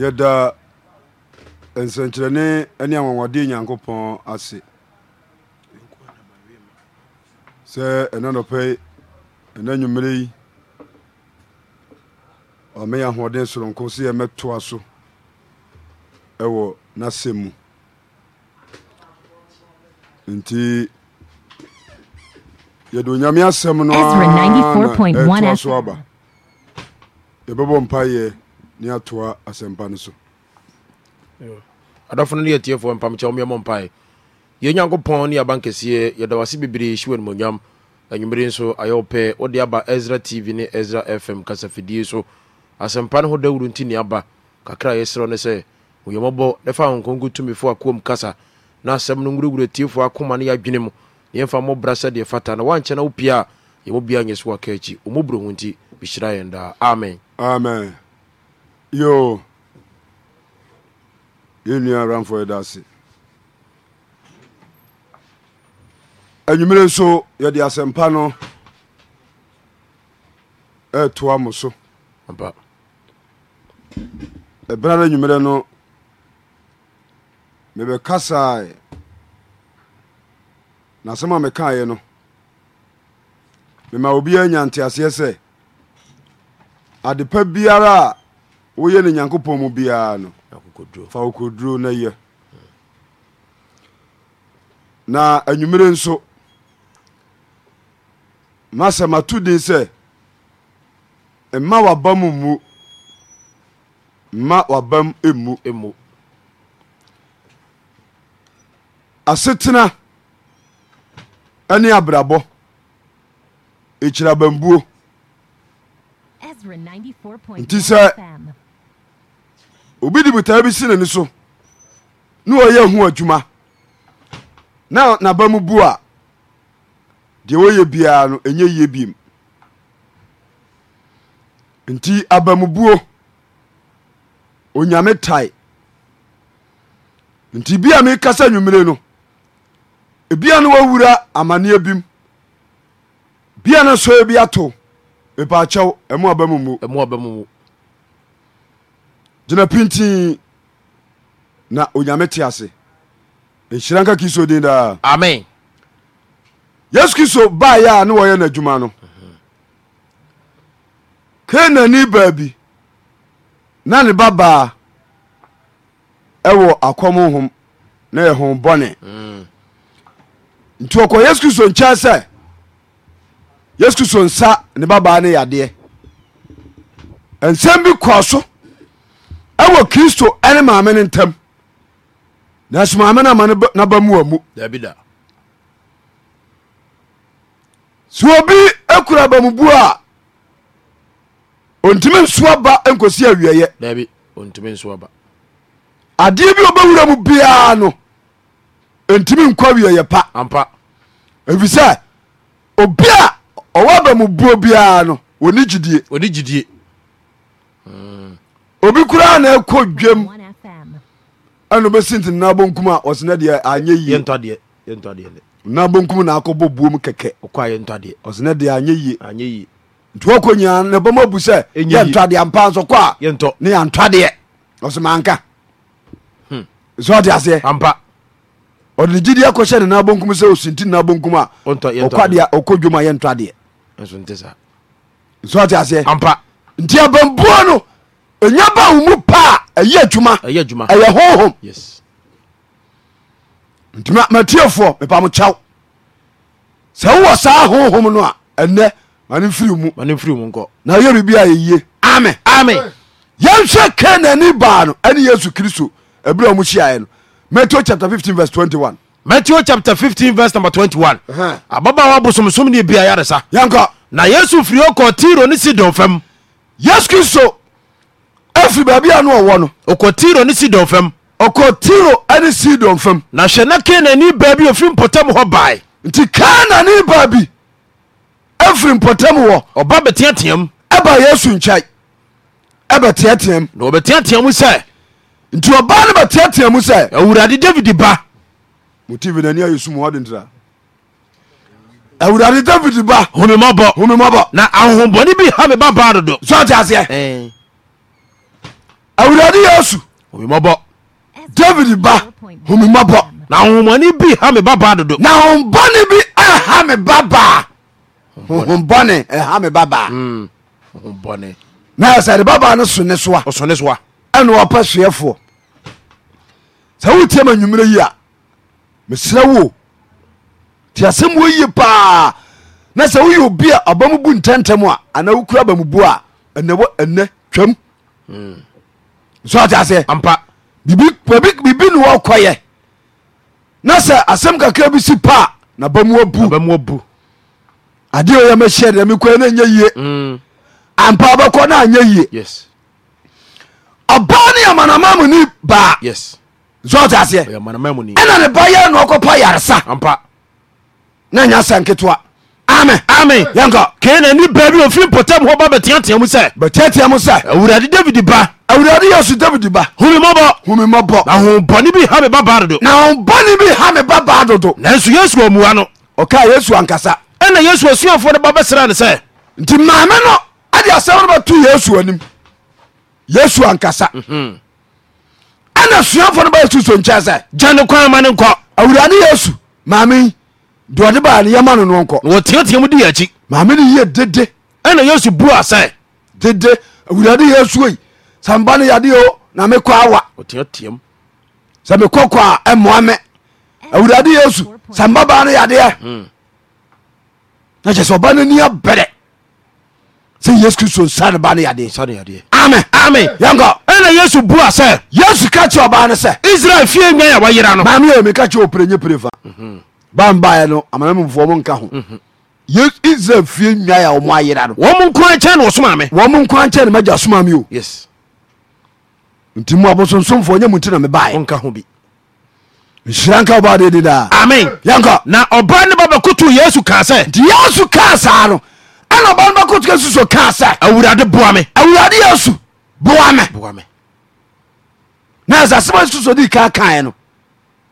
yɛda nsɛnkyerɛne ne awanwadeɛ nyankopɔn ase sɛ ɛna nɔpɛi ɛna nwummere yi ɔmɛyɛ ahoɔden soronko sɛ yɛmɛtoa so ɛwɔ n'asɛm mu nti yɛde onyame asɛm no so aba yɛbɛbɔ mpayɛ ne atoa asɛmpa no so adɔfo no ne yɛtiefoɔ mpamkyɛ womeɛmɔ mpae yɛ nyankopɔn ne yɛaba nkɛseɛ yɛdawase bebree hyi wanimuonyam anwummere nso ayɛwo pɛ wode aba ezra tv ne ezra fm kasafidie so asɛmpa no ho dawuro nti ne aba kakra yɛserɛ no sɛ oyɛmɔbɔ ne fa honkonko tumifo akoam kasa na asɛm no nwurawura tiefoɔ akoma ne yɛadwene mu na yɛmfa mmɔbra sɛdeɛ fata na woankyɛ na wo pia a yɛmɔ bia nyɛ so waka akyi ɔmɔborɔ ho nti bihyira yɛn daa amen amen yo yɛnnua aramfo yɛda ase anwummere nso yɛde asɛmpa no ɛɛtoa e mo so ɛbra e no anwummerɛ no mebɛkasae na asɛm a mekaeɛ no mema obiara nya nteaseɛ sɛ ade biara a woyɛ no nyankopɔn mu biara no fa wokoduro na yɛ na anwummere nso masɛ mato din sɛ mma waba mu mu mma wabam mu asetena ne abrabɔ ɛkyirabambuo nti sɛ obi de botaa bi si nani so na wɔyɛ ho adwuma na naba mu bu a deɛ wɔyɛ biara no enye yie bim nti abamubuo onyame tae nti bia mekasa nwumere no ebia no wawura amanneɛ bim bia no sɔe bi ato mepaakyɛw ɛmo aba mumu gyina pinti na onyame te ase nhyira nka kristo din daa amen yesu kristo baayɛ a ne wɔyɛ n'adwuma no kenani baabi na ne babaa ɛwɔ akɔm hom na yɛ hom bɔne mm. nti ɔkɔ yesu kristo nkyɛn sɛ yesu kristo nsa ne babaa ne yadeɛ nsɛm bi kɔɔ so ɛwɔ kristo ɛne maame ne ntɛm nansomaame no ama naba muwa mud sɛ obi ɛkura bamubuo a ontimi nsoa ba nkosi awiɛyɛ adeɛ bi ɔbɛwura mu biaa no ntimi nkɔ awiɛyɛ pa efisɛ obi a ɔwɔ ba mubuo biaa no woni gyidie ne gyidie hmm. obi koraa na ɛkɔ dwam ɛna obɛsi nti nna bonkum a ɔsena deɛ anyɛ yie nna bonkum na akɔ bɔ buom kɛkɛ ɔsena deɛ anyɛ yie nti wɔkɔ nyinaa na bɛma bu sɛ yɛ mpa nso kɔ a ne yɛ ntwadeɛ ɔsomanka sɛ ɔde aseɛ ampa ɔde ne sɛ osinti a ɔkɔ a yɛ ɔde aseɛ ampa nti abambuo no ɛnya ba wo mu paa ɛyɛ adwuma ɛyɛ hohom nti matiefoɔ mepa mo kyaw sɛ wowɔ saa hohom no a ɛnɛ mane mfiri mu na yɛre bi a ɛyie ame ame yɛnhwɛ kanani baa no ɛne yesu kristo ɛberɛ mu hyiaeɛ no matthew chapter fifteen verse twenty one matthew chapter fifteen verse number twenty 21 ababaawa bosomsom ne bia yɛresa yɛnkɔ na yesu firi ɔkɔ tiro ne sidon fam yesu kristo ɛfiri baabi anu no ɔwɔ no ɔkɔ tiro ne sidon fam ɔkɔ tiro ne sidon fam na hwɛ na kanani baa bi ɔfiri mpɔtam hɔ bae nti kanani baa bi ɛfiri mpɔtam wɔ ɔba bɛteateam ɛba yesu nkyɛe ɛbɛteateam na ɔbɛteateam sɛ nti ɔba no bɛteateam sɛ awurade david ba motivi nani ayɛ sum hɔ de ntira awurade david ba homemɔbɔ homemɔbɔ na ahohobɔne bi ha me babaa dodo so ɔte aseɛ awurade yesu homimɔbɔ david ba homimɔbɔ na honhommɔne bi ha me babaa dodo na hombɔne bi aha me babaa hohombɔne ɛha me babaa hohombɔne hmm. na sɛde babaa no sone soa ɔsone soa ɛne wɔpɛ soɛfoɔ sɛ wotie ma nwumerɛ yi a mesrɛ wo nti asɛm wɔyie paa na sɛ woyɛ obi a aba mu bu ntɛntɛm a anaa wokura aba mubu a ɛnɛwɔ ɛnɛ twam hmm sotasɛ ampa bibi ne wɔkɔyɛ na sɛ asɛm kakra bi si paa na bamuabu adeɛ oyɛmahyia deɛ mekɔɛ no ɛnyɛ yie mm. ampa wobɛkɔ na anyɛ yie ɔbaa ne yɛmanamamu ne baa sotaseɛ ɛna ne ba yɛ na ɔkɔpa yaresa na ɛnya sɛ nketewa ami. ami. kenani baabi ofiri mpɔtam hɔ ba bɛteateam sɛ bɛteateam sɛ awurade david ba awurade yɛ so david ba humimɔbɔ humimɔbɔ na hombɔne bi ha me babaa dodo na bọni bi ha ba babaa dodo nanso yesu amua no ɔkaa yesu ankasa ɛna yesu asuafoɔ no babɛsra ne sɛ nti maame no ade asɛm no bɛto yesu anim yesu ankasa mhm. ɛna asuafoɔ no bɛyɛ suso nkyɛ sɛ gya ne kwan ma ne nkɔ awurade yesu maame deɔde baa ne yɛma no nonkɔ wɔteatea mu de yɛ akyi maamene yɛ dede ɛna yesu bua sɛ dede awurade yɛ suoi sɛ mba yade o na mekɔ awa ɔteateam sɛ mekɔ kɔ a ɛmoa me e awurade yesu sɛ mba baa no yadeɛ hmm. na kyɛ sɛ ɔba no ni abɛdɛ sɛ yesu kristo nsa ne ba no yadeɛ amen amen yɛnkɔ ɛna yesu bua sɛ yesu ka kyɛ ɔbaa no sɛ israel fie nwan a wɔyera no maame yɛ meka kyɛ ɔprɛnyɛ pere fa bambaɛ no amanammufoɔ mo nka ho mhm. israel fie nwaɛ a wɔmo ayera no wɔmo nkoa nkyɛn na wɔsoma me wɔmo nkoa nkyɛn na magya soma me o yes nti mu abosonsomfoɔ nyɛ mu nti na mebaɛ nka ho bi nhyira nka wɔba de daa amen yɛnka na ɔba ne ba bɛkoto yesu kaa sɛ nti yesu kaa saa no ɛna ɔba no bɛkoto yesu so kaa sɛ awurade boa me awurade yesu boa me boa me na ɛsɛ asɛm yesu so dii kaa kaeɛ no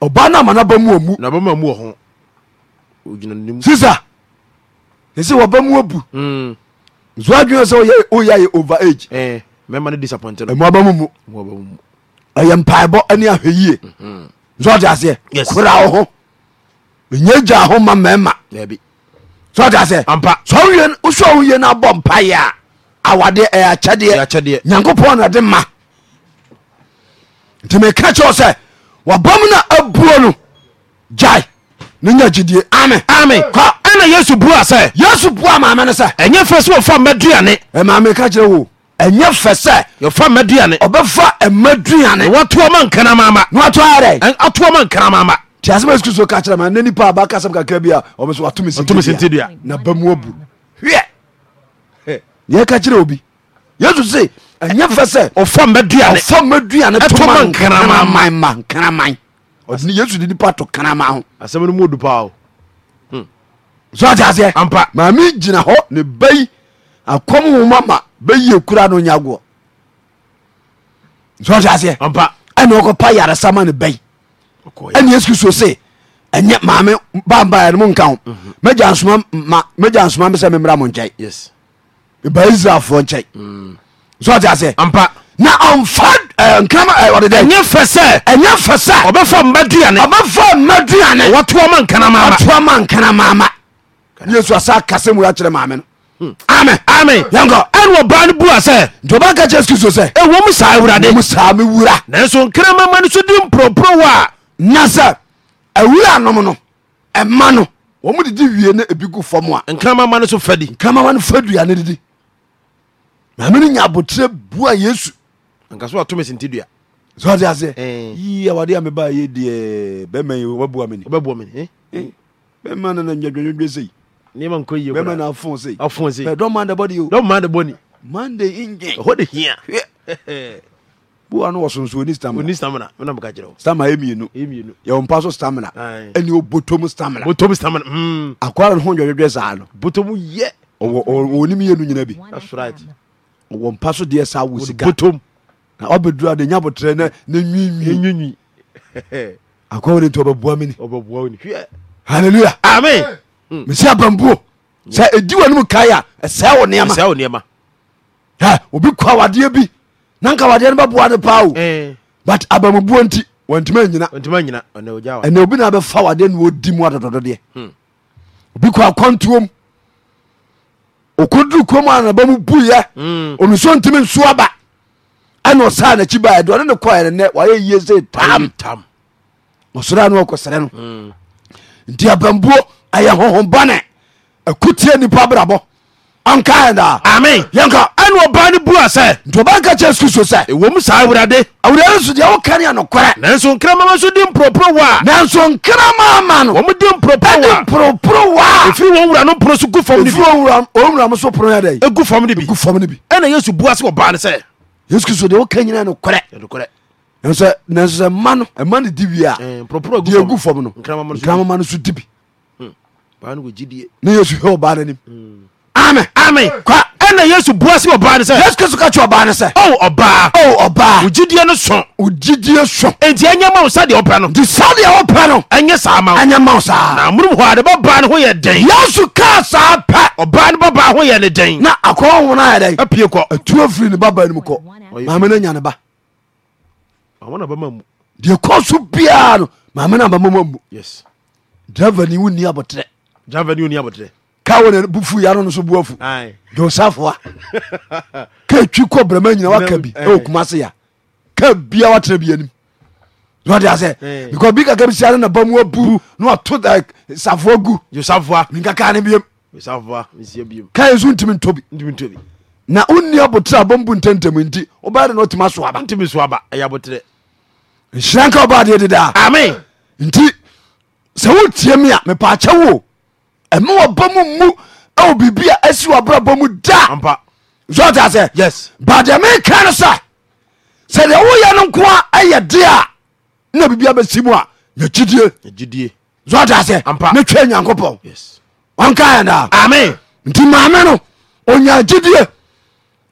ɔba no ama no aba mu amu na bɛma mu wɔ ho sisa ɛsɛ wɔba mu abu hmm. nso adwene sɛ woyɛ yɛ over age mɛma no disappointed ɛmoaba mu mu ɛyɛ mpaebɔ ne ahwɛ yie hmm. nso ɔde aseɛ kora wo ho ɛnya gya ho ma mɛma so ɔde aseɛ ampa so wowie wosɛ wowie no abɔ mpaeɛ a awadeɛ ɛyɛ akyɛdeɛ nyankopɔn na de ma nti meka kyɛw sɛ wɔba mu no abuo no gyae ne nya gyidie ame ame kɔ ɛna yesu bua sɛ yesu bua maame no sɛ ɛnyɛ fɛ sɛ wɔfa mma duane maame ka kyerɛ wo ɛnyɛ fɛ sɛ yɛfa mma duane ɔbɛfa ɛma duane watoa ma nkanamaama na watoa dɛ atoa ma nkanamaama nti asɛm yesu kristo ka kyerɛ ma na nipa a baka asɛm kakra bi a ɔmo so watome sentidua na ba abu hwɛ yɛka kyerɛ obi yesu se ɛnyɛ fɛ sɛ ɔfa mma duane ɔfa mma duane toma nkanamaama nkramaman ɔdini yesu di nipa to kanama ho asɛm no mu du paa o hmm. so ate aseɛ ampa maame gyina hɔ ne bɛyi akɔm homa ma bɛyie kura no nya goɔ so ate aseɛ ampa ɛne ɔkɔpa yaresama ne bɛyi ɛne yesu kristo se ɛnyɛ maame bambaɛ no mo nka ho mɛgya mhm. nsoma mɛgya nsoma me sɛ memmra mo nkyɛn ɛba israelfoɔ nkyɛn hmm. so ate aseɛ ampa na ɔmfa nkamaɛnyɛ eh, fɛ sɛ ɛnyɛ fɛ sɛ ɔbɛfa mma duane ɔbɛfa mma duane wɔtoa ma nkanamaama wɔtoa ma nkanamaama yesu asa kasa mu akyerɛ maame no hmm. amen amen yankɔ ɛne ɔbaa no bua sɛ nti ɔbaa ka kyerɛ sikiso sɛ ɛwɔ mu saa awurade mu saa me wura nanso nkramama no so di mporɔporɔ wɔ a awura nom no ɛma no wɔn mu didi wie na ebi gu fam a nkramama no so fɛ di nkramama no fɛ duane didi maame no nya abotire bua yesu anka so atome sente dua so ade ase eh. yi awade a meba ye deɛ eh, bɛma yi wɔbɛboa me ni ɔbɛboa me ni eh? bɛma nana nwadwadwadwa sei nneɛma nkɔ yie bɛma na afon sei afon sei don't mind the body o don't mind the body monday engine ɛhɔ de hia bowa no wɔsonso ni stamina ni stamina mena meka kyerɛ wo stamina yɛ mmienu yɛ mmienu yɛwɔ mpa so stamina ɛne obotom stamina botom stamina mm. akwara no ho dwɛdwɛdwɛ saa no botom yɛ ɔwɔ ɔnim yɛ no nyina bi that's right ɔwɔ mpa so deɛ saa wo sika botom wabɛdura de nya botrɛ ne ne nwiinwi akɔ wɔ ne nti ni ni hallelujah amen sɛ nneɛma nneɛma obi kɔ awadeɛ bi na awadeɛ no de but abambuo nti wɔntumi anyina wɔntumi anyina ɛnɛ wa ɛnɛ obi na awadeɛ na mu hmm. obi kɔ akɔntuom a na nsuo aba ɛna ɔsaa n'akyi baa ɛde ɔne ne kɔɛ ne nɛ wayɛ yie sɛ tam tam ɔsoro a no ɔkɔsrɛ no hmm. nti abambuo ɛyɛ honhombɔne akutie nipa brabɔ ɔnkaɛ daa ami yɛnka ɛna ɔbaa no bua sɛ nti ɔbaa nka kyɛ susu sɛ ɛwom saa awurade awurade so deɛ woka ne ɛnokorɛ nanso nkrama ma so di mporoporo wa a nanso nkrama ma no wɔm di mporoporo wa a mporoporo wɔ a wɔn wura no mporo so gu fam no bi ɛfiri wɔn wura mo so poro yɛ dɛ ɛgu fam no bi ɛgu fam no bi ɛna yesu bua sɛ ɔbaa no sɛ yesu kristo deɛ woka nyina nokorɛ sɛ ma no ɛma no dibi a deɛ agu fam no nkramama no so dibi hmm. ne yesu hwɛ ɔbaa no anim hmm. amen amen kwa ɛna yesu bua se ɔbaa no sɛ yesu kristo ka kyɛ ɔbaa no sɛ o oh, ɔbaa o oh, ɔbaa ogyidie no so ogyidie so enti ɛnyɛ ma wo sɛdeɛ ɔpɛ no nti sɛdeɛ wɔpɛ no ɛnyɛ saa ma ɛnyɛ ma wo saa na monom hɔ ade bɔbaa no ho yɛ den yesu kaa saa pɛ ɔbaa no bɔbaa ho yɛ ne den na akɔ wona yɛdɛ apie kɔ atuo firi ne baba nom kɔ maame no nyane ba deɛ kɔ so biaa no maame no abamama mu dravani wonni aboterɛ ka wone bufu yano no so buafu josafoa ka twi kɔ brama nyina waka bi ɛwɔ kuma se ya ka bia watena bi anim sɛ because bi kaka si siane na ba mu abu na wato safoa gu josafoa minkaka ne biam n botrayeradnti sɛ wotie mi a mepakya wo ma waba mu mu w birbia sirɔmu daosɛbad meka no sa sɛde woyɛno koa yɛ de a na bibia bɛsi mu a akiosɛeta yankopɔn ɔnkaɛdaa ame nti maame no onya gyidie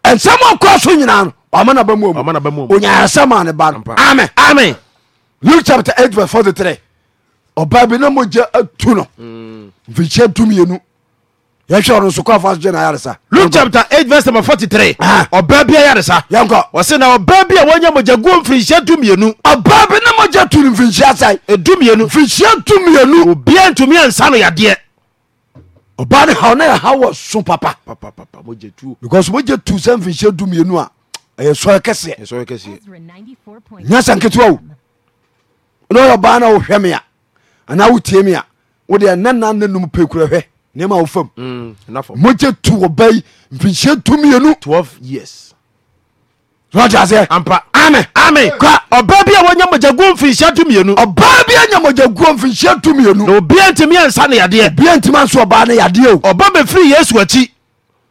ɛnsɛm ɔkɔ so nyinaa no ɔmana ba muomu onyaɛsɛm a ne ba no ame ame luke chapter 8 verse 43 ɔba bi na mogya atu no mm. mfikyia dumienu yɛhwɛ ɔno nso kɔfa so gyena yaresa luke chapter 8 verse number 43 ɔba bi ayaresa yɛnkɔ ɔse na ɔba bi a wanya mogya guo mfirinhyia dumienu ɔba bi na mogya tu no mfirinhyia sɛe dumienu mfirinhyia dumienu obia ntumi ansa no yadeɛ ɔba ne haw na yɛhaw wɔ so papa because mogye tu sɛ mfinhyɛ dumienu a ɛyɛ sɔre kɛseɛ nya sɛ nketewa wo ne ɔyɛ ɔbaa na wohwɛ me a anaa wotie me a wode ɛnɛ na ne nom pɛ kura hwɛ nneɛma a wofam mogye tu wɔ bɛyi mfinhyɛ dumienu 12 years sɛ ampa ame ame ka ɔbaa bi a wɔnya mogya guo mfinhyia tumienu ɔbaa bi anya mogya guo mfinhyia tumienu na obia ntimi ansa ne yadeɛ obia ntimi anso ɔbaa ne yadeɛ o ɔba bɛfiri yesu akyi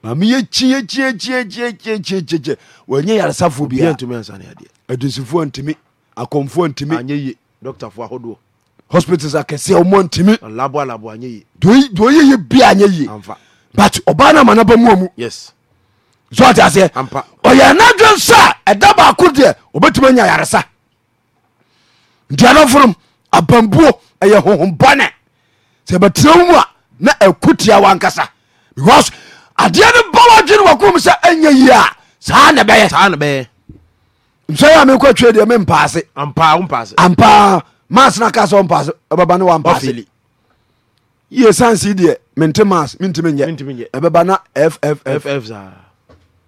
maame yɛkyiɛkyiɛkyiɛkyiɛkyiɛkyiɛkyiɛ wɔnyɛ yaresafoɔ bia ntimi ansa ne yadeɛ adusifoɔ ntimi akɔmfoɔ ntimi anyɛ ye dɔktafoɔ ahodoɔ hospitals akɛseɛ ɔmɔ ntimi laboalabo anyɛ ye deɛ ɔyɛ ye bia anyɛ ye but ɔbaa no ama no ba muamu yes sọọti aseɛ ɔyɛ n'adwe nsa ɛda baako deɛ obetumi anya yaresa ntuanoforom abambuo ɛyɛ honhom bɔne sɛ ɛbɛtena mu a na ɛku tia wankasa because adeɛ no bɔ wɔdwe no wakom sɛ anya yie a saa na ɛbɛyɛ saa na ɛbɛyɛ nsɛyɛ a mekɔ atwe deɛ mempaase ampaa wompaase ampaa mas na ka sɛ wompaase ɛbɛba ne wampaase yie sansi deɛ mente mas mentimi nyɛ ɛbɛba na fff saa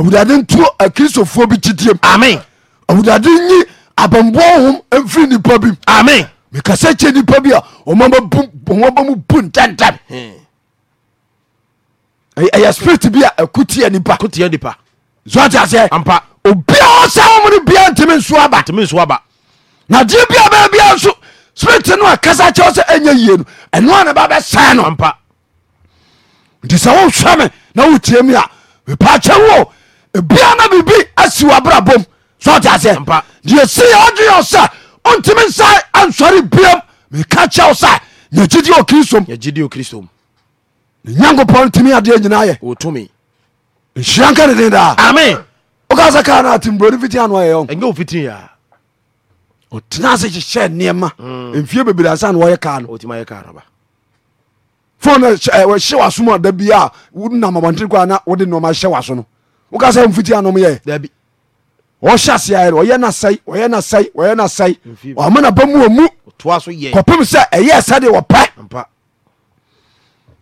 owurade ntu akristofoɔ bi titiam amen owurade nyi abamboɔ hom mfiri nipa bi amen mekasa kyɛ nipa bi a ɔmaba mu bu ntantam ɛyɛ spirit bi a ɛkotia nipa kotia nipa zɔta sɛ ampa obiara sɛ wɔn mu no biara ntumi nso aba ntumi nso aba na deɛ bi a bɛɛ nso spirit no a kasa kyɛw sɛ ɛnyɛ yie no ɛno a na ba bɛsɛn no ampa nti sɛ wohwɛ me na wotie me a mepa kyɛ wo ebia Bibi biribi asi wabra bom so ɔte aseɛ deɛ si yɛ ɔdwe yɛ ɔsɛ ɔntimi nsa ansɔre biam meka kyɛw sɛ na gyidi wɔ kristom nyankopɔn ntimi adeɛ nyinaa yɛ nhyira nka ne den daa ame woka sɛ kaa no atemburoni fiti ano ayɛyɛ ɔtena ase hyehyɛ nneɛma mm. mfie bebree ansa na wɔyɛ kaa no fone eh, wɔhyɛ waso mu ada bia wonam abɔntere kɔ ana wode nneɔma hyɛ waso no woka sɛ mfiti anom yɛ ɔhyɛ aseaɛ ɔyɛ nasɛe ɔyɛ nasɛe ɔyɛ nasɛe ɔmana ba mu ɔmu kɔpem sɛ ɛyɛ sɛdeɛ wɔpɛ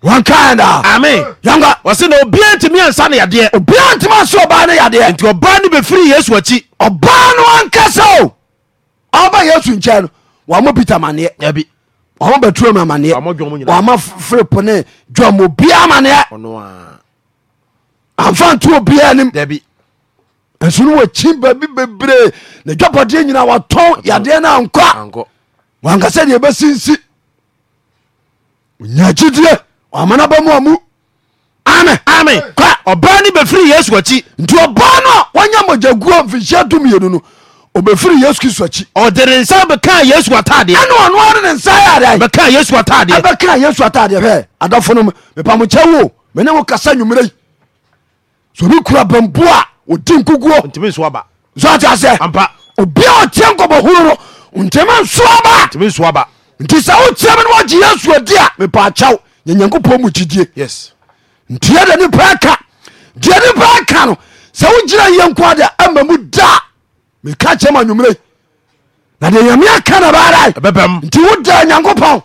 wankadaa ami yanka wɔsi no bɛfiri yesu akyi ɔbaa no ankasa o ɔba yesu nkyɛn no wɔn peter amaneɛ yabi wɔn bɛturo mu amaneɛ wɔn firipo ne dwom obiara amaneɛ amfa nto obia anim nso no wakyi baabi bebree na dwapɔdeɛ nyina watɔn yadeɛ no ankɔ wanka sɛ deɛ ɛbɛsinsi nya gyidie ɔamana bɛmu a mu ame ame kwa ɔbaa no bɛfiri yesu akyi nti ɔbaa no a wanya mɔgyaguo mfinhyia dumienu no obɛfiri yesu kristo akyi ɔde ne nsa bɛkaa yesu atadeɛ ɛne ɔno ɔde ne nsa yɛ adeɛ bɛkaa yesu atadeɛ ɛbɛkaa yesu atadeɛ hwɛ adafo no mepamokyɛ wo mene wo kasa nwumerɛ yi sọmi kura bambu odi nkukuo ntumi nso aba ampa obi a ɔtiɛ nkɔmɔhuru no ntumi nso aba ntumi nso aba nti sɛ wotiɛ mi ni wɔn gyi yɛn a mipa akyɛw nyanyanko mu gyidie yes ntiɛ de nipa ɛka deɛ nipa ɛka no sɛ wogyina yɛn nko adi a mu da meka kyɛn ma nwumire na deɛ nyamia ka na baara yi nti wo da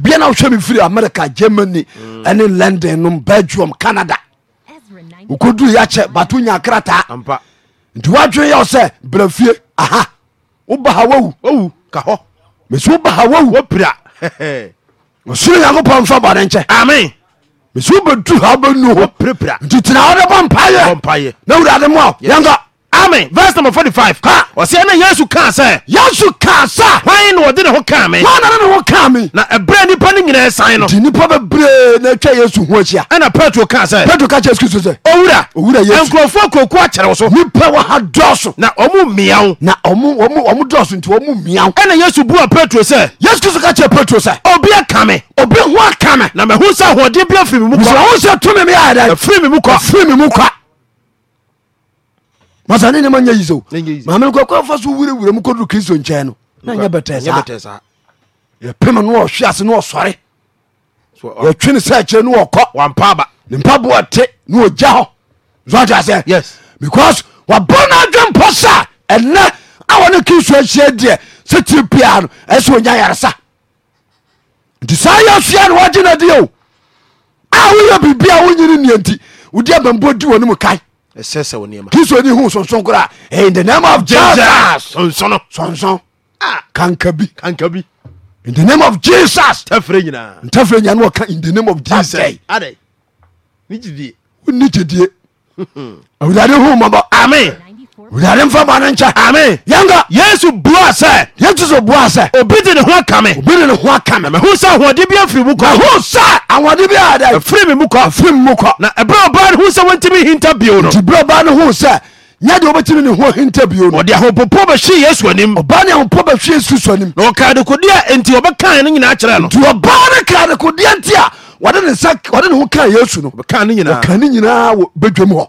bia na wohwɛ me firi america germany mm. ne london no belgium canada wokɔduru yɛkyɛ bato nya krataa nti woadwene yɛwo sɛ bra fie aha woba ha wawu ka hɔ mesi woba ha wawu wopira ɔsoro nyankopɔn mfa bɔne nkyɛ amen mesi wobɛdu ha wobɛnu hɔ nti tena wode bɔ mpayɛ na wurade moa yɛnka amen verse number forty five Ha? ɔsɛ ɛna yesu kaa sɛ yesu kaa sa hwan na ɔde ne ho kaa me hwan na ne ho kaa me na ɛberɛ nipa ni nyinaa san no nti nipa bebree na atwa yesu ho ahyia ɛna petro kaa sɛ petro ka kyerɛ yesu kristo sɛ owura owura yesu nkurɔfoɔ kuoku akyerɛw so nipa wɔ ha dɔɔso na ɔmo miaw. na ɔmo ɔmo ɔmo dɔɔso nti ɔmo miaw. wo ɛna yesu bua petro sɛ yesu kristo ka kyerɛ petro sɛ obi aka obi ho aka me na mahu sɛ ahoɔden bi afiri me mu kɔ mu kɔ masa ne nema nya yi seo maame no kɔ fa so wurewure mu kɔduru kristo nkyɛn no na nyɛ bɛtɛ saa yɛpem no ɔhwe ase no ɔsɔre yɛtwe ne sɛ kyerɛ no wɔkɔ ne mpaboa te ne ɔgya hɔ sɔte asɛ because wabɔ no adwe mpɔ sa ɛnɛ a wɔne kristo ahyia deɛ sɛ tiri pia no ɛsɛ ɔnya yaresa nti saa yɛ sua no no deɛ o a woyɛ biribi a wonyini nea nti wode abambɔ di wɔ no mu kae ɛsɛ sɛ wo nneɛma kristo ni hu sonson kora in the name of jesus sonson sonson kanka bi kanka bi in the name of jesus ntafere nyinaa ntafere nyinaa ni wɔka in the name of jesus adai ni gyidie wo ni gyidie awurade hu mɔbɔ amen wurade mfa bɔne nkyɛ ame yɛnka yesu bua sɛ yesu so bua sɛ obi de ni ho akame obi de ne ho akame mehu sɛ ahoɔde bi afiri mu kɔ ho sɛ ahoɔde bi ada afiri me mu kɔ afiri me mu kɔ na ɛberɛ ɔbaa no ho sɛ wɔntimi hinta bio no nti berɛ ɔbaa Ni ho sɛ nyɛ deɛ wobɛtumi ne ho hinta bio no ɔde ahopopo bɛhwe yesu anim ɔbaa ne ahopopo bɛhwe yesu so anim na ɔkaa dekodeɛ enti ɔbɛkae no nyinaa kyerɛ no nti ɔbaa no kaa dekodeɛ nti a wɔde ne nsa wɔde ne ho kaa yesu no ɔka ne nyinaa ɔka ne nyinaa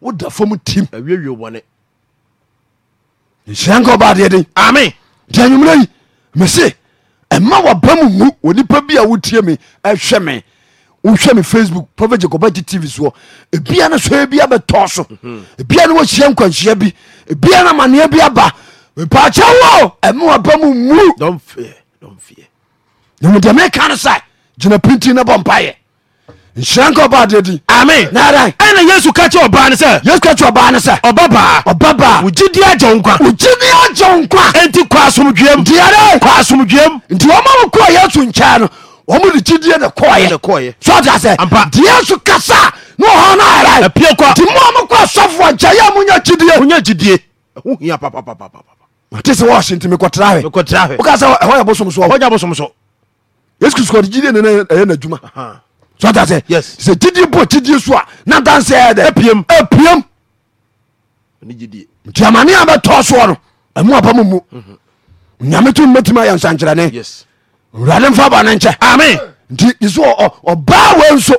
woda fam tim awiewie bɔne nhyira nka ɔbaadeɛ den ame nti anwummerɛ yi mese ɛma waba mu mu onipa bi a wotie me ɛhwɛ me wohwɛ me facebook prophet jacobati tv soɔ ebia no sɔe bia bɛtɔ so mhm. ebia no wɔhyia nkwanhyia bi ebia no amanneɛ bi aba mepaakyɛ wo ɛma waba mu mu na mede meka no sɛ gyina pinti na bɔ mpayɛ nhyira nka ɔba adeɛ din amen naadan ɛna yesu ka kyerɛ ɔbaa ne sɛ yesu ka kyerɛ ɔbaa ne sɛ ɔba baa ɔba baa wogyidi agya wo nkwa wogyidi agya wo nkwa enti kɔ asomdwam diare kɔ asomdwam nti wɔma mo kɔɔ yesu nkyɛn no wɔmo de gyidie ne kɔɔyɛ so ɔda sɛ deɛ so kasa ne ɔhɔ no ara apie kɔ nti a mokɔ asɔfoɔ nkyɛ yɛ monya gyidie monya gyidie ɛho hia papapapapa mate sɛ wɔhye nti mekɔtrawe mekɔtrawe woka sɛ ɛhɔ yɛ bosom so ɔhɔ nya bosom so yesu kristo ɔde gyidie ne ɛyɛ sotase sɛ gyidie bɔ gyidie so a na dansɛ dɛ apiem apiem nti amane a bɛtɔ soɔ no ɛmu aba mu mu nyame to mmatimi ayɛ nsankyerɛne wurade mfa bɔ ne nkyɛ ame nti sɛ ɔbaa wa nso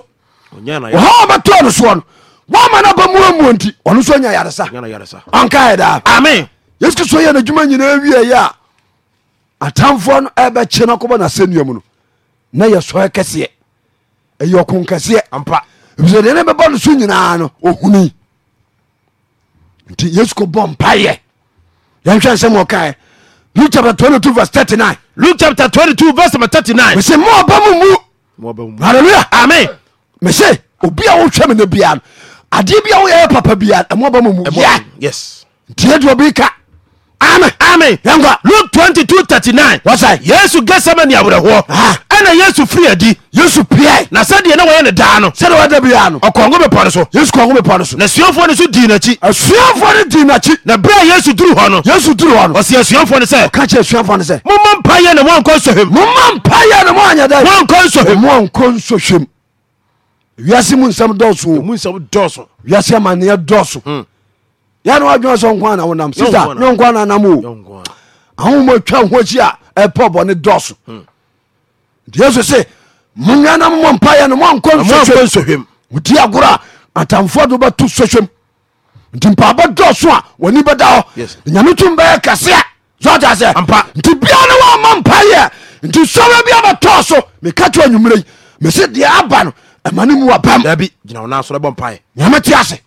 ɔha ɔbɛtɔ no soɔ no wama no aba mu amuo nti ɔno nso anya yaresa ɔnkaɛ daa ame yesu kristo yɛ n'adwuma nyinaa wieɛ a atamfoɔ no ɛbɛkye no kɔbɔ n'asɛnnua mu no na yɛsɔre kɛseɛ nbɛbɔ noso nyinaa no ohuni nti yesuko bɔ mpayɛ yɛhwɛsɛmka lk cha 22 39s moaba mo mum mese obia wohwɛ mine biano adeɛ bia wo yɛɛpapa bia moba momuntiybka amen amen yɛnkwa luke 2239 wɔsa yesu getsemane awerɛhoɔ ɛna yesu firi adi yesu piae na sɛdeɛ na wɔyɛ ne daa no sɛdeɛ wɔda bia no ɔkɔngo bepɔ no so yesu kɔngo bepɔ no so na suafoɔ no so dii n'akyi asuafoɔ no dii n'akyi na berɛ a yesu duru hɔ no yesu duru hɔ no ɔsi asuafoɔ no sɛ ɔka kyerɛ asuafoɔ no sɛ momma mpa yɛ na moankɔ nsɔhwɛm momma mpa yɛ na moanyɛ dɛ moankɔ nsɔhwɛm moankɔ nsɔhwɛm wiase mu nsɛm dɔɔso mu nsɛm dɔɔso wiase amanneɛ dɔɔso hmm yàrá wàá dùn ọsọ nkwan na wọn nam sista ní nkwan na nam o àwọn ọmọ atwa ọhún ọkyi a ẹpọ bọ ní dọọso Yesu sẹ mo nyà nà mo mpa yẹ no mo nkọ nsọhwẹm mo di agorɔ a atamfoɔ do bɛ to sɔhwɛm nti mpaabɔ dɔɔso a wɔni bɛ da hɔ nyame tum bɛyɛ kɛseɛ zɔta sɛ nti bia ne wɔma mpa yɛ nti sɔbɛ bia bɛtɔɔ so meka kyerɛ anwummerɛ yi mese deɛ aba no ɛma ne mu wabam nyame te ase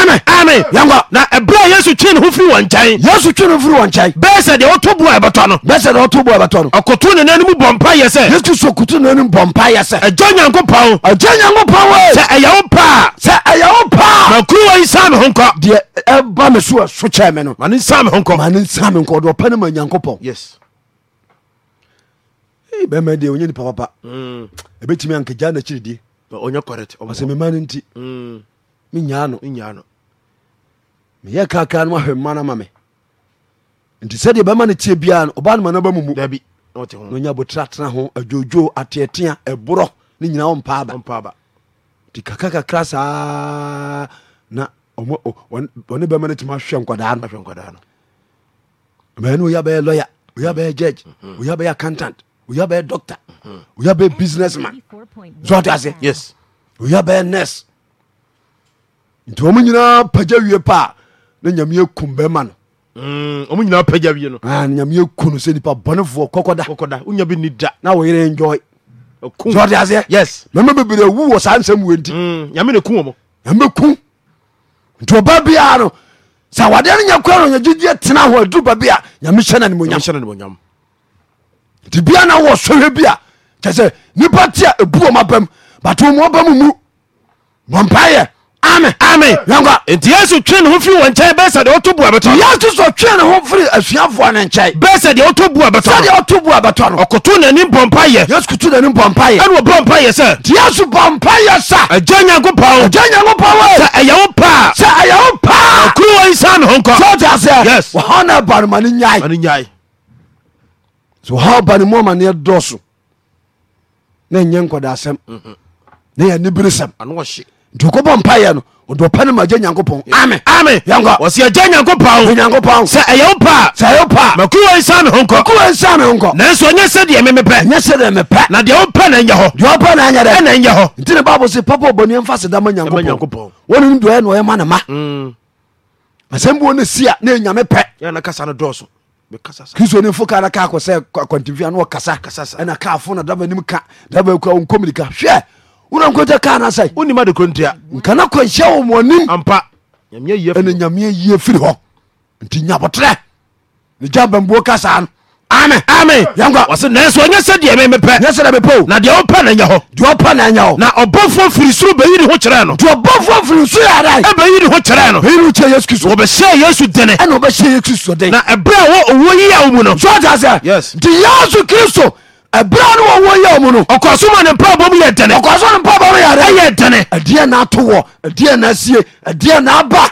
amen amen yankwa na ɛberɛ yesu twe ne ho firi nkyɛn yesu twe ne ho firi wɔ nkyɛn bɛɛ sɛ deɛ ɔto boɔ ɛbɛtɔ no bɛɛ sɛ deɛ ɔto boɔ ɛbɛtɔ no ɔkoto ne nanom bɔ mpa yesu so koto ne nanom bɔ mpa yɛ sɛ ɛgya nyankopɔn ɛgya nyankopɔn we sɛ ɛyɛ wo paa sɛ ɛyɛ wo paa na kuruwa yi saa me ho nkɔ deɛ ɛba me so ɛso kyɛɛ me no mane nsa me ho nkɔ mane nsa me nkɔ deɛ ɔpɛ no ma nyankopɔn yes bɛma deɛ ɔnyɛ nipa papa ɛbɛtumi mm. ankagya nakyiri die ɔnyɛ correct ɔsɛ mema mm. no nti menyaa no meyɛ kaka no ahwɛ mma no ma me nti sɛdeɛ bɛma no tie biaa no ɔba noma no ba mumu nonya botra tena ho adwodwo ateatea ɛborɔ ne nyina ɔmpaaba nti kaka kakra saa na ɔne bɛma no tumi ahwɛ nkwadaa no mɛne oya bɛyɛ lawyer oya bɛyɛ judge mhm. oya bɛyɛ accountant oya bɛyɛ doctor mhm. oya bɛyɛ business man sɛ ɔte ase oya bɛyɛ nurse nti ɔmo nyinaa pagya wie paa ne nyame akum bɛma no ɔmo mm, nyinaa pagya wie no ah, nyame aku no se nipa bɔnefoɔ kɔkɔda kɔkɔda wonya bi ni da na wɔyere enjoy sɛ ɔde aseɛ yes mɛma bebree awu wɔ saa nsɛm wɔ nti mm, nyame ne ku wɔ mo nyame ku nti ɔba biara no sɛ awadeɛ no nya kora no nyagyegyeɛ tena hɔ aduru ba bi a nyame hyɛ no animonyam nti bia na wɔ sɔhwɛ bi a kyɛ nipa tia a ɛbu ɔma bam but ɔmɔba mu mu bɔmpayɛ amen amen yanka nti yesu twe ne ho firi wɔ nkyɛn bɛsɛ deɛ ɔto bua bɛtɔ yesu sɔ twe ne ho firi asuafoɔ ne nkyɛn bɛsɛ deɛ ɔto bua bɛtɔ sɛdeɛ ɔto bua bɛtɔ no ɔkoto n'ani bɔmpa yɛ yesu koto n'ani bɔmpa yɛ ɛna ɔbɔ mpa sɛ nti yesu bɔmpa yɛ sa ɛgya nyankopɔn ɛgya nyankopɔn sɛ ɛyɛ wo paa sɛ ɛyɛ wo paa ɔkuru wɔ nsa ne ho nkɔ sɛ ɔte aseɛ yes wɔhɔ na ɛba no ma nyae ma nyae so wɔhɔ ba ne mu ɔma ne ɛdɔ so na ɛnyɛ nkɔdaasɛm mhm. na yɛ ne bere sɛm ano ɔhye ntkbɔ mpayɛ no dɔpane magya nyankopɔn ɔsɛ agya nyankopɔnsɛ ɛyɛwo paanso ɔnyɛ sɛdeɛ memepɛɛɛdmepɛ na deɛ wopɛ na ɛnyɛ hɔɛnyɛ hɔ nti ne bible sɛ papa ɔbɔneɛ mfa dama nyankopɔn wɔne nduaɛ na ɔyɛma ne ma mm. asɛm bi wɔne si a na ɛnyame pɛ ne fo ka na kɔ sɛ akwantimfia na ɔkasa ɛna fo na daba nim ka daba kura wo hwɛ wonnkota kana sɛ wonima de kontia nkana kwanhyia wo moanim ampa ɛne nyameɛ yie firi hɔ nti nyaboterɛ ne gya bambuo ka saa no ame ame wase sɛ deɛ me mepɛ nyɛ o na deɛ na na na firi ho no firi e ho no ho kyerɛ yesu kristo wɔbɛhyɛ yesu dene yesu kristo na yi wo mu no so yes yesu kristo ɛberɛ no wɔwɔ yɛ mu no ɔkɔsoma ne prabɔm yɛ dene ɔkɔso ne prabɔm yɛre ɛyɛ dene ɛdeɛ na ato wɔ ɛdeɛ na asie ɛdeɛ na aba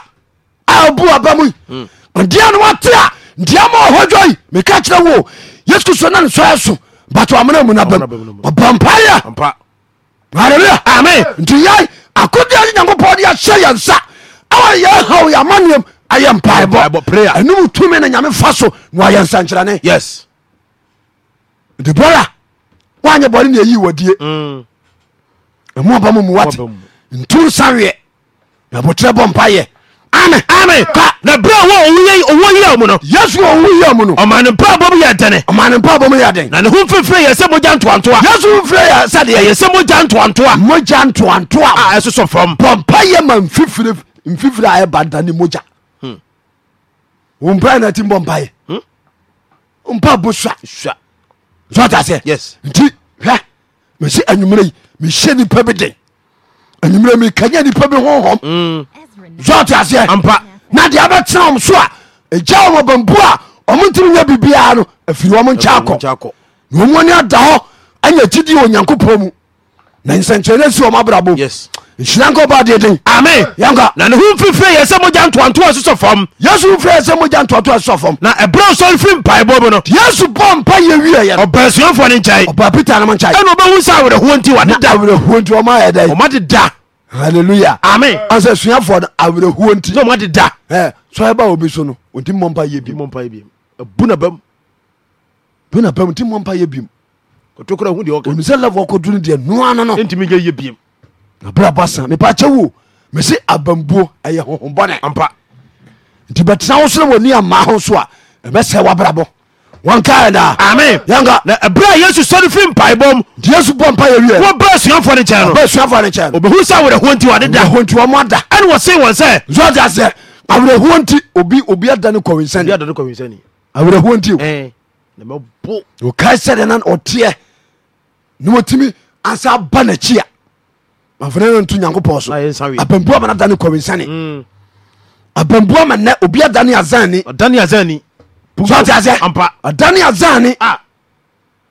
a abu aba mu ɛdeɛ hmm. no wɔte a ndeɛ ma ɔhɔ dwoi meka kyerɛ wo yesu kristo na ne sɔɛ so but ɔmena mu nabam ɔba mpayɛ aleluya amen nti yɛi akodeɛ ne nyankopɔn de ahyɛ yɛ nsa awa yɛ haw yɛ amanneɛm ayɛ mpaebɔ ɛnom tumi ne nyame fa so na wayɛ nsankyerɛne yes nti brother wanyɛ bɔne ne ayi wadie mm. ɛmu ɔba mu mu wate ntu nsaweɛ na botrɛ bɔ mpayɛ ame ame ka na bere a wɔn owó yíyá mu no. yasu wɔn owó yíyá mu no. ɔmàní mpa bɔ yɛ dɛnɛ. ɔmàní mpa bɔ yɛ dɛnɛ. na ne ho fɛfɛ yɛ sɛ moja ntoantoa. yasu fɛ yɛ sadeɛ yɛ sɛ moja ntoantoa. moja ntoantoa. a ɛsosɔ fam. pɔnpa yɛ ma nfifiri nfifiri a yɛ ba da ni moja. Hmm. wɔn mpa yɛ na ti bɔ mpa yɛ. Hmm. mpa bɔ sua. sua. Yes. nti hwɛ mesi anwumere yi mehyɛ nipa bi den anwumere mekanya nipa bi honhom mm. sotaseɛ na deɛ abɛtena om so a ɛgya wɔn bambu a ɔmo ntimi nya no afiri wɔn nkyɛ wɔn ani ada hɔ anya gyidi wɔ nyankopɔn mu na nsɛnkyerɛnne si wɔn abrabɔ mu nhyira nka ɔba deɛ den ame yɛnka na ne ho mfirifiri yɛ sɛ mogya ntoantoa sosɔ fam yesu mfiri yɛ sɛ mogya ntoantoa sosɔ fam na ɛberɛ sɔre firi mpaebɔ mu no yesu bɔ mpa yɛ wie yɛ ɔbaa asuafoɔ no nkyɛe ɔbaa peter nom nkyɛe ɛna ɔbɛhu sɛ awerɛhoɔ nti wɔde da awerɛhoɔ nti ɔma yɛ dɛ ɔma de da hallelujah amen ansa suafoɔ no awerɛhoɔ nti sɛ ɔma de da sɔre ba obi so no ɔnti mmɔ mpa yɛ bi bu na bam bu na mmɔ mpa yɛ bi ɔtokora hu deɛ ɔka onisɛ level kɔduru deɛ noa no no ntimi yɛ yɛ biem brabasa mepakyɛ wo mese abambuo ɛyɛ hohombɔne ampa nti bɛtena wo soro wɔ niama ho so a ɛbɛsɛ wabrabɔ wankaɛdaa yesu sɔre firi mpaebɔm yesu bɔ mpa yɛwie wɔba asuafoɔ no kyɛn no ba asuafoɔ no kyɛn no obɛhu sɛ awerɛhoɔ nti wɔdeda ho nti wɔmɔ ada ɛne wɔsee wɔn sɛ obi obi ada no kɔwensani ada no kɔwensani awerɛhoɔ nti o na na ɔteɛ na wɔtumi ansa ba n'akyi mafneno nto nyankopɔn so abambua mana dane kɔwensane mm. abambua manɛ obi adane azane ɔdane azane ɔdane azane ah.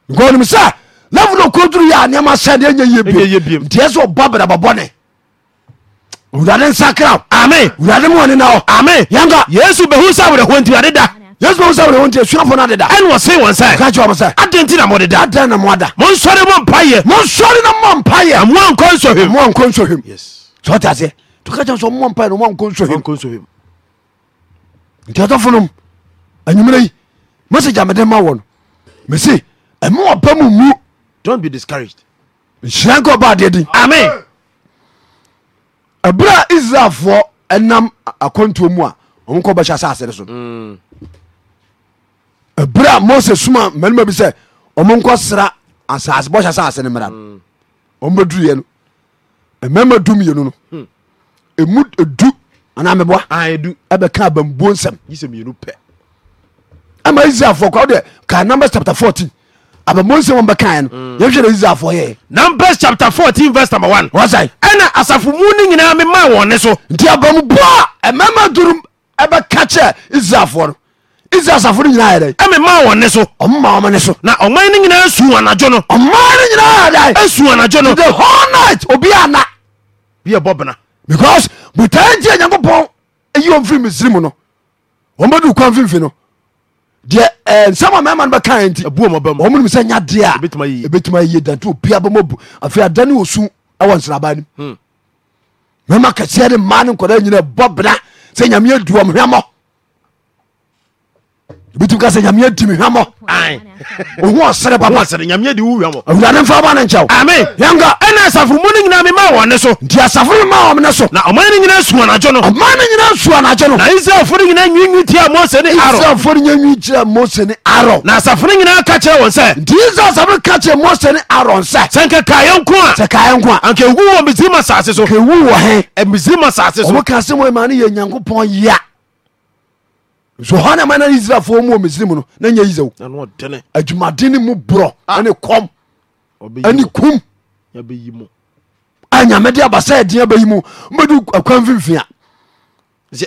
nka onim sɛ level okoduru yɛ nneɛma sɛde ɛnyɛ yie bio ntiɛ sɛ ɔba brababɔne owurade nsakra ame wurade mu ɔne na hɔ ame yanka yesu bɛhu sɛ awerɛhoɔ ntiwade da yesu bɛ wusa wɛrɛ wɔn ti esuafo na deda. ɛni wɔ se wɔn sɛ. k'a jɔ wɔn sɛ. a den ti na mɔ de da. a den na mɔ da. mɔ nsɔri mɔ npa yɛ. mɔ nsɔri na mɔ npa yɛ. mɔ nkɔ nsɔhim. mɔ nkɔ nsɔhim. sɔ ta se tu ka ca sɔ mɔ npa yɛ mɔ nkɔ nsɔhim. mɔ nkɔ nsɔhim. ntɛtɔ funu ɛnumere yi mɛsi jamɛden ma wɔn mɛsi ɛmu wɔ mu mu. don't be discouraged. nhyɛn kɔ ba adeɛ di. amen. ɛbura israelfoɔ ɛnam akɔntuo mu a wɔn kɔ bɛhyɛ asase so. Mm. bera mose suma manima bi sɛ ɔmo nkɔ sera asase bɔhyɛ asase no mmra no ɔmo bɛduruyɛ no mmarima du mmienu no ɛmu hmm. du anaa meboa ah, ɛbɛka abambuo nsɛm ama israelfoɔ ka numbers chapter 14 abambuo nsɛm no hmm. na israelfoɔ chapter 14 verse number 1 wɔsae ɛna asafo mu no nyinaa maa wɔn ne so nti abambuo a ɛmɛma duru ɛbɛka kyɛ israelfoɔ no israel asafo no nyinaa yɛdɛ ɛmema wɔ ne so ɔmoma ɔmo ne so na ɔman no nyinaa asu anadwo no ɔma no nyinaa yɛdɛ asu anadwo no the whole night obi ana biyɛ bɔ bena because botaa ntia nyankopɔn ayi wɔn firi misiri mu no wɔn bɛ du kwan finfin no deɛ ɛɛ eh, nsɛm a mɛma no bɛ kan nti ebu wɔn bɛm wɔn mu sɛ nya deɛ a ebetuma yiye ebetuma yiye dantu obi abɛmɔ bu afei adani osu ɛwɔ nsiraba ni hmm. mɛma kɛseɛ de mmaa ne nkɔda nyina bɔ bena sɛ nyamea du wɔn ebitumi ka sɛ nyamea di mi hwɛmɔ ohu ɔsere baba sere nyamea di wo hwɛmɔ awurade mfa ba ne nkyɛw ami yɛnka ɛna asafo mu no nyinaa mi ma wɔ ne so nti asafo ma wɔ ne so na ɔman no nyinaa su anadwo no ɔman no nyinaa su anadwo no na israelfo no nyinaa nwiinwi tia mose ne aro israelfo no nyinaa nwiinwi tia mose ne aro na asafo no nyinaa ka kyerɛ wɔn sɛ nti israel asafo no ka kyerɛ mose ne aro sɛ sɛ nka kaayɛ nko a sɛ kaayɛ nko a anka ewu wɔ misiri ma saase so nka ewu wɔ he misiri ma saase so ɔmo kan se mo ema ne yɛ nyankopɔn yia hne mana israelfoɔ mu mesiri mu no na nya yiseo adwumadene mu borɔ ne kɔm ane kum anyamede abasa adin bɛyi mu mɛdu akwan fimfia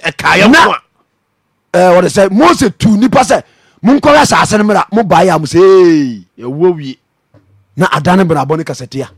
ɛkayɛwɔde sɛ mose tu nipa sɛ monkɔyɛ asase no mmra mo baayɛ mu sɛ na adane brabɔne kasatia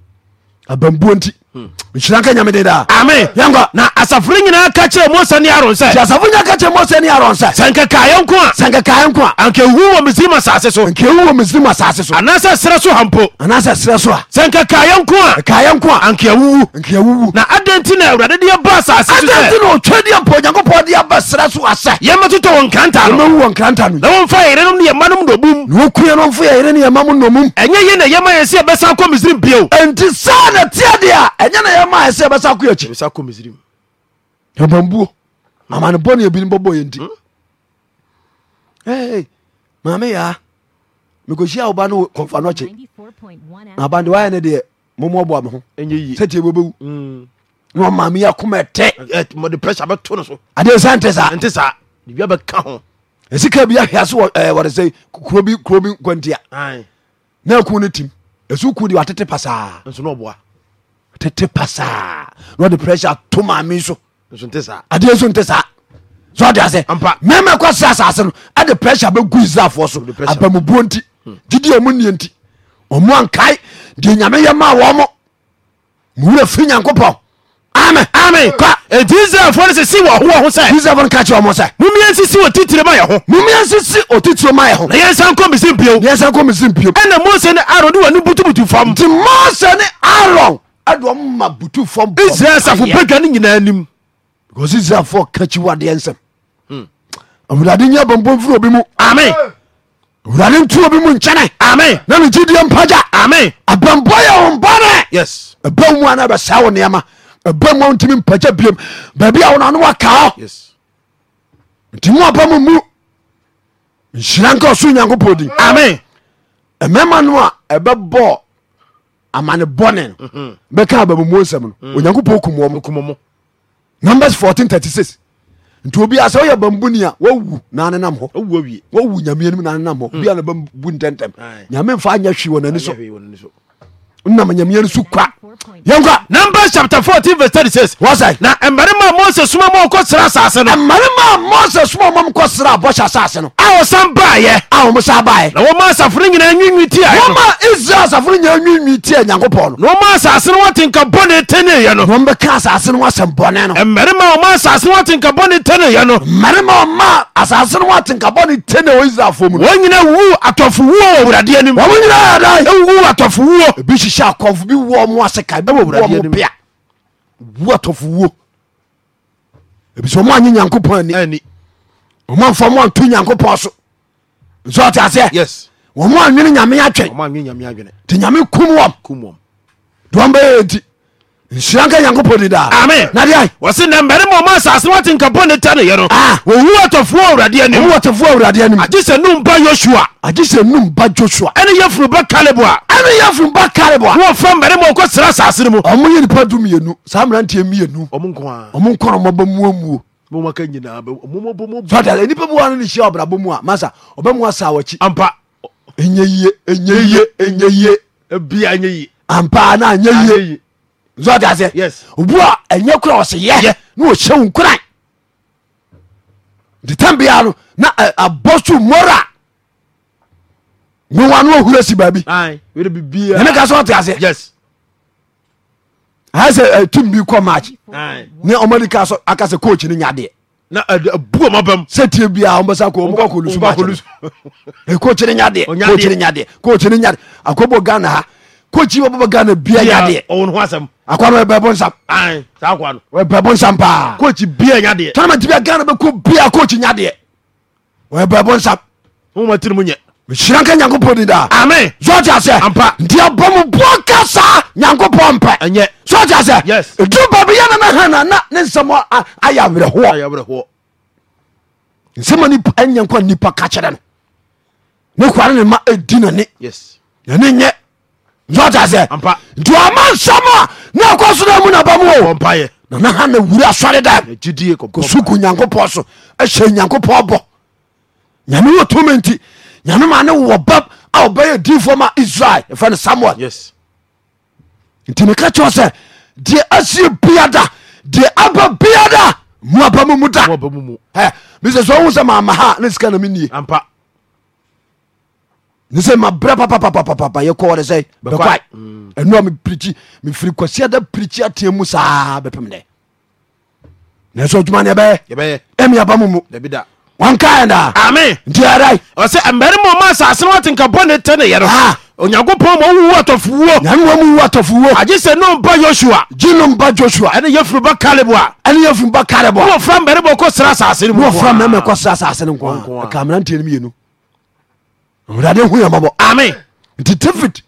abambuo nti nhyira hmm. nka nyame deda ame yɛnkɔ na asafore nyinaa ka kyerɛ mose ne aron sɛ asafo nyinaa ka kyerɛ mose ne aron sɛ sɛ nkekaeɛ nko a sɛ nkekaeɛ nko a ankehu wɔ misrim asase so nkehu wɔ misrim asase so anaasɛ serɛ so ha anaasɛ serɛ so a sɛ nkekaeɛ nko a kaeɛ nko a ankeawuwu ankeawuwu na adɛn nti na awurade deɛ ba asase so adɛn na ɔtwa deɛ mpo onyankopɔn deɛ ba serɛ so asɛ yɛmɛtotɔ wɔ nkranta no yɛmɛwu wɔ nkranta no na wɔmfa yɛre nom ne yɛma nom nɔbum na wɔkuɛ no mfa yɛre ne yɛma mo nɔmum ɛnyɛ yɛ na yɛma yɛn sɛ yɛbɛsan kɔ misrim bio ɛnti saa na tiadeɛ a ɛnyɛ na yɛma ɛsɛ bɛsa ko akyi sa kɔ misrim ɛbambuo amane bɔne abini bɔbɔ yɛ nti maame hmm? yaa mekohyia wo ba no kɔmfa no akyi abande waayɛ ne deɛ momɔboa me ho ɛnyɛ yie na ɔma me yɛ koma ɛtɛ mɔde pressure bɛto no so adeɛ sa nte saa nte saa biribia bɛka ho ɛsika e bi ahwea so eh, wɔde sɛ kuro bi kuro bi nkwantia na aku tim ɛsu e ku de watete pasaa nso ɔboa tete pasaa na ɔde pressure to maame so adeɛ so nte saa so ɔde ase mɛmɛ kɔ se asase no ɛde pressure bɛgu israelfoɔ so abamubuo nti hmm. gyidi ɔmo nnie nti ɔmo ankae deɛ nyame yɛ maa wɔn mo mewura fi nyankopɔn amen amen kɔ eti eh, israelfoɔ no sisi wɔ ho ho sɛ israelfoɔ no ka kyerɛ ɔmo sɛ mumia nsisi wɔ titire ma yɛ ho mumia nsisi wɔ titire ma yɛ ho na yɛnsa nkɔ misi mpio yɛnsa nkɔ misi mpio ɛna mose ne aaron de wɔn ani butubutu fam nti mose ne aaron ɛdɔmma butu fam israel safo pagwa no nyinaa nim because israelfoɔ ka kyiwadeɛ nsɛm hmm. awurade nya bɔmpɔ mfiri obi mu ame awurade ntu obi mu nkyɛne ame na ne gyidiɛ mpagya ame abambɔ yɛ wo mbɔne yes ɛba mu a na bɛsaa wo nneɛma ɛba mu a wontimi mpagya biam baabi a wonano wakaa nti mu aba mu mu nhyira nka ɔso nyankopɔn din ame no a ɛbɛbɔɔ amane bɔne mm-hmm. no bɛka abamumu nsɛm no onyankopɔn kumwɔm numbers 1436 nti obia sɛ woyɛ bambuni a wawu nane nam hɔ wawu nyameanom nane nam hɔ obia na bambu ntɛntɛm nyame mfa anyɛ hwee wɔ n'ani so nam nyameɛ no so kwa yɛnkwa numbers chapter 14 verse 36 wɔsɛ na mmarima a mose soma ma ɔkɔ sra asase no mmarima a mose soma ma mkɔ sra bɔhyɛ asase no a wɔsan baayɛ a wɔm sa baayɛ na wɔma asafo no nyinaa nwinwi tia wɔma israel asafo no nyinaa nwinwi tia nyankopɔn no na wɔma asase no wɔtenka bɔne teneeɛ no wɔmbɛka asase no wɔsɛm bɔne no mmarima a wɔma asase no wɔtenka bɔne teneeɛ no mmarima ɔma asase no wɔtenka bɔne tene wɔ israelfoɔ mu no wɔn nyina wu atɔfo wuo wɔ awurade anim wɔm nyinaa yɛda ɛwu atɔfo wuo ebi hyehyɛ hyehyɛ akɔfo bi wɔ mo ase ka bɛwɔ mo bia wu atɔfo wuo ebisɛ ɔmo anye nyankopɔn ani ɔmo amfa mo anto nyankopɔn so nso ɔte aseɛ ɔmo anwene nyame atwɛn nti nyame kum wɔm de wɔn bɛyɛ enti nhyira nka nyankopɔn ni daa amen nadeɛ wɔse na mmarima ɔma asase wate nkabɔ ne ta ne yɛ no ah. wɔwu atɔfoɔ awurade anim wɔtɔfoɔ awurade anim agye sɛ num ba yosua agye sɛ num ba josua ɛne yɛfunu ba kaleb a ɛne yɛfunu ba kaleb a wɔfa mmarima ɔkɔ sra asase no mu ɔmo yɛ nipa du mmienu saa mmeranteɛ mmienu ɔmo nkɔn ɔmo nkɔn ɔmo bɛ muamuo mɔmɔka nyinaa bɛ mɔmɔbɔmɔ. fata nipa bi wa ne ne hyia ɔbrabɔ mu a masa ampa enye yie enye yie enye yie ebia enye ampa ana enye yie sɛ obua ɛnyɛ kora ɔse yɛ na wɔhyɛ wo nkoran nti tam bia no na eh, abɔ so mora mewa no ɔhura si baabi ɛne ka sɛ ɔte aseɛ ayɛ sɛ tim bi kɔ match ne ɔmadi ka so aka sɛ coach no nyadeɛ sɛ tie biaa ɔmbɛsa kɔmkɔkɔlusu coach ni nyadeɛ eh, eh, coach ni nyadeɛ akɔbɔ ghana ha kochi wɔbɛbɛ biya bia nyadeɛ akwa no bɛbɔ nsam bɛbɔ nsam paa tournament bia ghana bɛkɔ bia kochi nyadeɛ bɛbɔ nsam mehyira nka nyankopɔn ni daa ame sɔta sɛ ampa nti abɔ mu boɔ ka saa nyankopɔn mpɛ ɛnyɛ sɔta sɛ ɛduru baabi yɛ nana hana na ne nsɛm ayɛ awerɛhoɔ nsɛm ɛnyɛ nkɔ nnipa ka kyerɛ no ne kware ne ma ɛdi nani ɛne nyɛ sɛ nti ɔma nsɛm a ne ɛkɔ so no mu na bamuo nana ha na wura asɔre damkosuku nyankopɔn so ahyɛ nyankopɔn bɔ nyame wɔ tumi nti nyame ma ne wɔ bam a ɔbɛyɛ difoɔ ma israel ɛfrɛ no samuel nti meka kyɛw sɛ deɛ asie biada deɛ aba biada mu aba mu mu da mesɛ sɛ ɔhu sɛ maama ha ne sika na menie Nse ma sɛ mabrɛ papapapa yɛkɔwɔ de sɛ bɛkwae ɛnoa mepirikyi mefiri kwasiada pirikyi atea mu saa bɛpem dɛ nanso adwuma ne ɛbɛyɛ ɛmiaba mu mu wankaɛdaa ame nti ɛdai ɔsɛ mmarima ɔma asase no watenka bɔne te ne yɛ no onyankopɔn ma wowu atɔfowuo nyamewamuwu atɔfowuo agye sɛ ne mba yosua gye no mba josua ɛne yɛfiri ba kalebo a ɛne yɛfiri ba kalebo wɔfra mmarima kɔ sra asase no mu wɔfra mmarima kɔ sra asase no nkɔ ɛkamena ntiɛ no mienu wurade hu yamabɔ ami nti david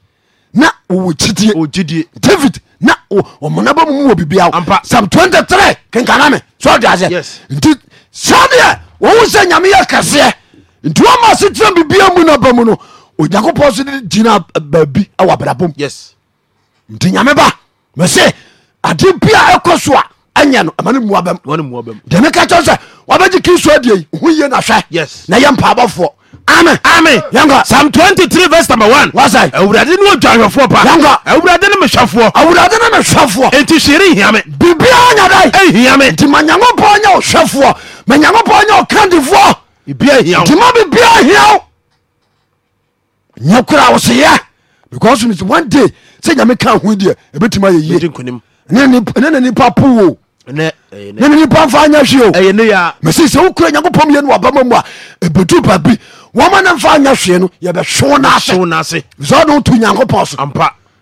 na owo kyidie owo kyidie david na ɔmɔnaba mu wɔ bibi awo ampa psalm twenty three kankana mi so ɔdi ase nti sadeɛ wɔn sɛ nyame yɛ kɛseɛ nti wɔn ma se tena bibi amu na ba mu no onyankopɔn so de gyina baabi awɔ abrabom yes nti nyame ba mɛ se ade bia ɛkɔ so a ɛnyɛ no ɛma ne mua bɛm deɛ meka kyɛw sɛ wabɛgye kristo adie yi ho yie na hwɛ na yɛ mpaabɔfoɔ amen amen Yanga. psalm twenty three verse number one wasa awurade ni o jɔ ahwɛfoɔ pa yanka awurade ni mi hwɛfoɔ awurade ni mi hwɛfoɔ eti siri hiame bibiya nyada yi ehiame dima nyanko pɔn nyɛ o hwɛfoɔ mɛ nyanko pɔn nyɛ o kandifoɔ bibiya hiawo dima bibiya hiawo nyɛ kura awosiyɛ because it's one day sɛ nyame kan hu deɛ ebetuma yɛ yie ne ne nipa puu o eh, ne ne nipa nfa anya hwi o mɛ sisi sɛ wokura nyanko pɔn yɛ no wa bama mu a ebetu baabi wɔma ne mfa nyɛ hwee no yɛbɛhwew noase sɛ Ampa. woto nyankopɔn so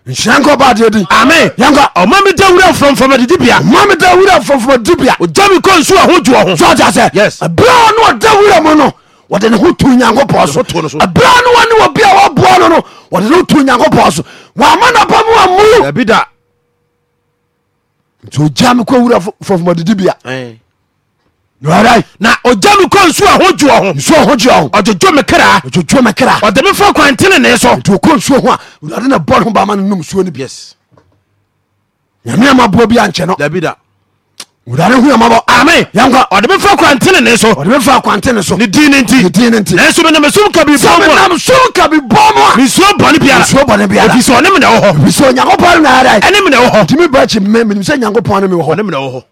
nhyia nkɔ badeɛ din ame yɛnkɔ ɔma meda wura frɔmfrɔm adedi bia ɔma meda wura frɔmfrɔm adedi bia ɔgya me kɔ nsu a ho dwoɔ ho sɛ ɔgya sɛ ɛberɛ a ne ɔda wura mu no wɔde ne ho tu nyankopɔn so ɛberɛ ne wɔne wɔ bia wɔboa no no wɔde ne ho tu nyankopɔn so wɔama napa mu amu dabi da nti ɔgya me kɔ wura frɔmfrɔm adedi bia na ɔgya me kɔ nsuo a ho dwoɔ ho nsuo ho dwoɔ ho ɔdwodwo me kra ɔdwodwo me kra ɔde me fa kwan tenene so nti ɔkɔ nsuo ho a ɔde na bɔne ho baama no nom suo no bias nyame ama boɔ bi ankyɛ no dabi da wurare ama amabɔ ame yanka ɔde me fa kwan tenene so ɔde me fa kwan tenene so ne din ne nti ne din ne nti nanso menam som ka bi bɔ mo menam som ka bi bɔ mo a nsuo bɔne biara nsuo bɔne biara ɛfiri sɛ ɔne menɛ wɔ hɔ ɛfiri sɛ onyankopɔn no na ɛne menɛ wɔ hɔ ntimi bɛkyi me menim sɛ nyankopɔn no me wɔ hɔ ne menɛ wɔ hɔ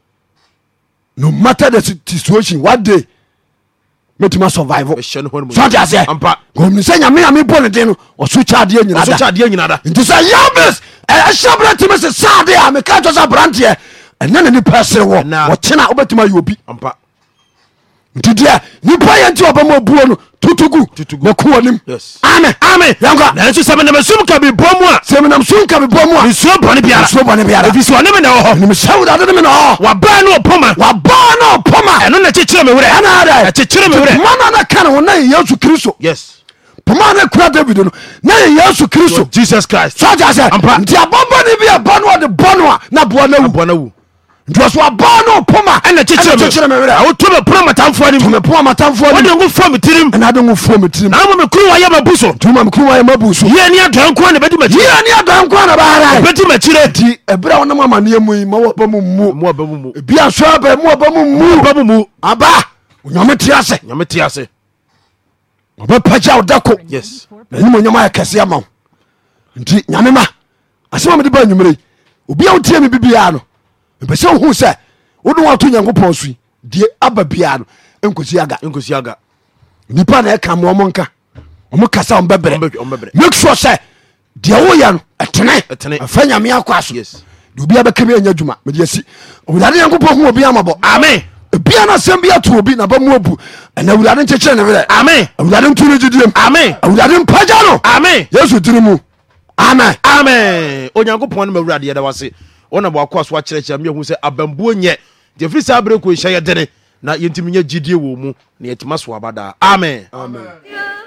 no matter the situation one day mɛtumi asurvivesote aseɛ gomni sɛ nyame a mebɔ ne den no ɔso kyadeɛ nyina da nti sɛ yabes ɛhyɛ berɛ timi se sadeɛ a meka kyɛ sɛ branteɛ ɛnɛ ne nipa sere wɔ wɔkyena wobɛtumi ayɛ obi nti deɛ nipa yɛ nti ɔbɛma obuo no tutugu mɛko wɔ nim ame ame yɛnka nanso sɛ menam sum ka bibɔ mu a sɛ menam sum ka bibɔ mu a nsuo bɔne biara nsuo bɔne biara ɛfiri sɛ ɔne me na wɔ nim sɛ wodade ne me na hɔ wabaa ne ɔpɔma wabaa ne ɔpɔma ɛno na kyekyere me werɛ ɛnaadɛ ɛkyekyere me werɛ poma no na ka ne na yesu kristo yes poma ne kura david no na yesu kristo jesus christ sɔgya sɛ nti abɔbɔne bi ɛbɔ no ɔde bɔ no a na boɔ no awu ntwasowaba no poma ɛna kyekyere mewoto mepona matamfoɔ nemepona matamfoɔ wode ngo fo me tirim ɛna de fo me tirim na ma mekuru wayɛ mabu so ntuma mekuru wayɛ mabu so yɛ ne adɔn nko na bɛdi makyire yɛ ne adɔn nko na baara bɛdi makyire nti ɛberɛ wonam amanneɛ mu yi ma wɔba mu mu mu aba mu mu ebi aba mu aba mu mu aba mu mu onyame te ase onyame te ase ɔbɛpagya wo dako yes na nim onyama ayɛ kɛseɛ ma wo nti nyame ma asɛm a mede ba anwumerɛ obi a wotie me bibiaa no mpɛsɛ ohu sɛ wode wato nyankopɔn soi die aba bia no nkosi aga nkosi aga nipa na ɛka mo ɔmo nka ɔmo kasa ɔmo bɛbrɛ make sure sɛ deɛ woyɛ no ɛtene ɛfɛ nyame akɔ aso de obi abɛka mi anya adwuma mede asi owurade nyankopɔn hu obi amabɔ amen ebia na asɛm bi ato obi na bɛmu abu ɛna awurade nkyekyere ne werɛ amen awurade nto no gyidiem amen awurade mpagya no amen yesu diri mu amen amen onyankopɔn no ma awurade yɛda wase wɔna boakoa so akyerɛkyerɛ me yahu sɛ abambuo nyɛ nti ɛfiri saa berɛ kɔnhyɛ yɛ dene na yɛntimi nya gyidie wɔ mu na yɛtima so abadaa amen. amen.